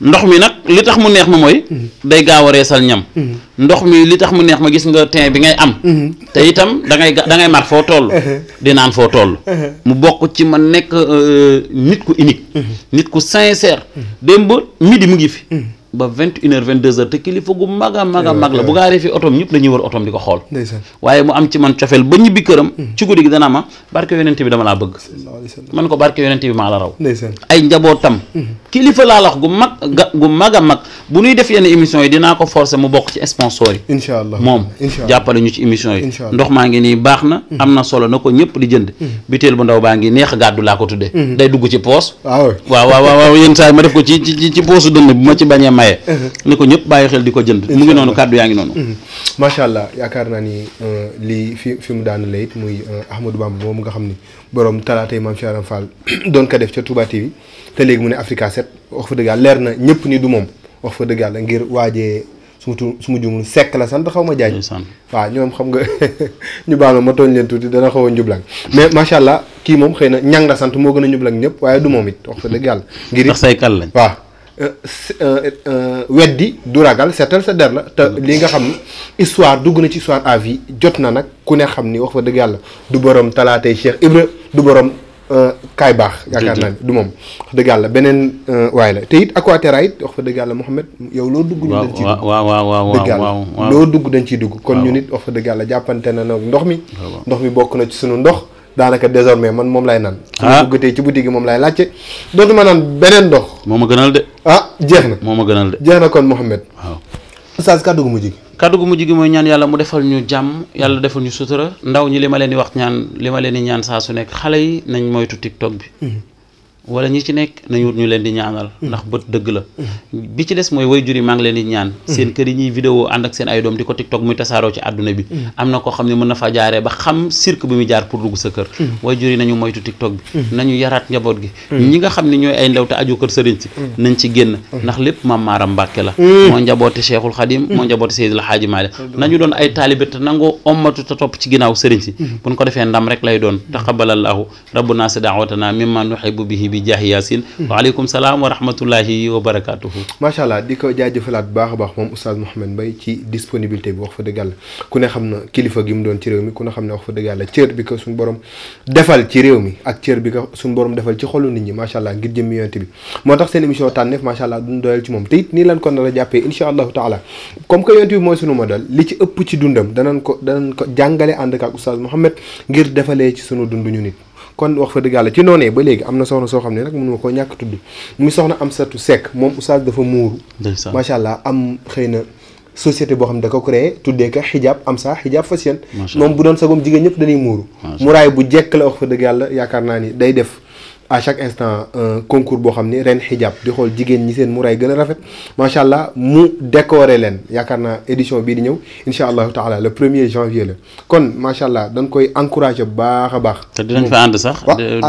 ndox mi nag li tax mu neex ma mooy day gaaw a reesal ñam ndox mi li tax mu neex ma gis nga tin bi ngay am te itam dangay ngay da mar foo toll uh-huh. di naan foo toll uh-huh. mu bokk ci ma nekk euh, nit ku unique nit ku sincère démb midi mu ngi fi ba vingt une heure vingt deux heures te kilifa gu mag a mag a eh mag la bu gaaree fi otoom ñëpp dañuy war otoom di ko xool waaye mu am ci man cofeel ba ñibbi këram mm. ci guddi gi dana ma barke yonente bi dama laa bëgg man ko barke yonente bi maa la raw ay njabootam mm-hmm. kilifa laa la gu mag gu mag a mag bu ñuy def yenn émission yi dinaa ko forcer mu bokk ci sponsor yi moom jàppale ñu ci émission yi ndox maa ngi nii baax na mm-hmm. am na solo na ko ñëpp di jënd mm-hmm. biteel maye. ni ko ñëpp bàyyi xel di ko jënd. mu ngi noonu kàddu yaa ngi noonu. Mm-hmm. macha allah yaakaar naa ni uh, lii fi fi mu daan la it muy uh, Ahmadou Bamba moom nga xam ni boroom talaatay yi Cheikh Ibra Fall doon ko def ca Touba TV te léegi mu ne Africa set wax fa dëgg yàlla leer na ñëpp ni du moom wax fa dëgg yàlla ngir waajee. su ma tu su ma la sant xaw ma jaaj waaw ñoom xam nga ñu baal ma ma tooñ leen tuuti dana xaw a njublang mais macha allah kii moom xëy na ñang la sant moo gën a njublang ñëpp waaye du moom it wax dëgg yàlla. ngir ndax say kal lañ Euh, euh, weddi du ragal setal sa der la te li nga xam ni histoire dugg na ci histoire à vie jot na nag ku ne xam ni wax fa dëgg yàlla du borom talaatay Cheikh Ibra du borom euh, kaay baax yaakaar naa du moom wax dëgg yàlla beneen waay la te it Aquaterra it wax fa dëgg yàlla Mouhamed yow loo dugg ñu dañ ciy dugg waaw waaw dëgg yàlla loo dugg dañ ciy dugg kon ñu nit wax fa dëgg yàlla jàppante na nag ndox mi ndox mi bokk na ci sunu ndox daanaka désormais man moom lay naan. ah bu gëtee ci boutique yi moom lay laajte dootuma naan beneen ndox. moo ma gënal de. ah jeex na moom a gënal de. jeex na kon Mouhamed. waaw. Oustaz kàddu gu mujj gi. kàddu gu mujj gi mooy ñaan yàlla mu defal ñu jàmm yàlla defal ñu sutura ndaw ñi li ma leen di wax ñaan li ma leen di ñaan saa su nekk xale yi nañ moytu TikTok bi. Mm-hmm. wala ñi ci nekk nañu ñu leen di ñaanal ndax bët dëgg la bi ci des mooy way jur yi maa ngi leen di ñaan seen kër yi ñuy vidéo ànd ak seen ay doom di ko tiktok muy tasaaroo ci àdduna bi am na koo xam ne mën na fa jaaree ba xam cirque bi dugg sa kër way jur yi nañu moytu tiktok bi nañu gi ñi nga xam ne ñooy ay ndaw te aju kër sëriñ si ndax lépp maam maaram mbàkke la moo njabooti cheikhul xadim moo njabooti seydil xaaji maalik nañu doon ay taalibe te nangoo ommatu te topp ci ginnaaw sëriñ si buñ ko defee ndam rek lay doon taqabbalallahu rabbuna si daawatana mimma nuhibbu bihi bi jaahi yaasin hmm. waaleykum salaam wa rahmatullahi wa barakaatuhu allah di ko jaajëfalaat bu baax a baax moom oustaz Mouhamed Mbaye ci disponibilité bi wax fa dëgg yàlla ku ne xam na kilifa gi mu doon ci réew mi ku xam ne wax fa dëgg yàlla cër bi ko suñu borom defal ci réew mi ak defal ci xolu nit ñi macha allah ngir jëmmi yonte bi moo tax seen émission tànneef macha allah duñ doyal ci moom te it nii lan ko nar a jàppee incha allahu taala comme que yonte bi mooy suñu modèle li ci ëpp ci dundam danañ ko danañ ko jàngale ànd ak oustaz Mouhamed ngir defalee ci sunu dund ñu nit kon wax fa dëgg yàlla ci noonee ba léegi am na soxna soo xam ne nag mënu ma koo ñàkk tudd muy soxna Amsatou Seck moom oustaz dafa muuru macha allah am xëy na société boo xam ne da ko créé tuddee ko xijaab am sa xijaab fashion moom bu doon sagom jigéen ñëpp dañuy muuru muraay bu jekk la wax fa dëgg yàlla yaakaar naa ni day def à chaque instant un concours boo xam ni ren hijab di xool jigéen ñi seen muraay gën a rafet macha allah mu décorer leen yaakaar naa édition bii di ñëw incha allah taala le premier janvier la kon macha allah dañ koy encouragé bu baax a baax. te dinañ fa ànd sax.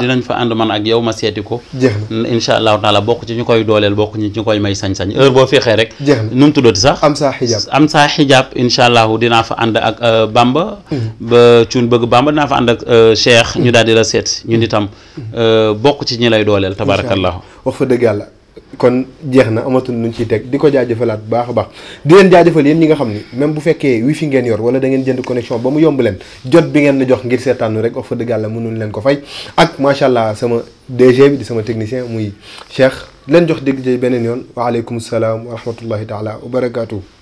dinañ fa ànd man ak yow ma seeti ko. jeex na incha allahu taala bokk ci ñu koy dooleel bokk ci ñu koy may sañ-sañ heure boo feexee rek. jeex na tuddati sax. am saa hijab am saa hijab incha allahu dinaa fa ànd ak euh, Bamba. Mm-hmm. ba cuun Bamba dinaa fa ànd euh, Cheikh. Mm-hmm. ñu daal di la seet ñun itam. Mm-hmm. Euh, bokk ci ñi lay dolel tabarakallah wax fa deug yàlla kon jeexna amatu amatul nuñ ciy teg di ko baax baax di len jaajeufal yéen ñi nga xamni même bu fekkee wifi ngeen yor wala da ngeen jënd connexion ba mu yomb len jot bi ngeen na jox ngir setanu rek wax fa deug yàlla mënul len ko fay ak macha allah sama DG bi di sama technicien muy Cheikh len jox deug jëy benen yoon wa alaykum assalam wa rahmatullahi taala wa barakatuh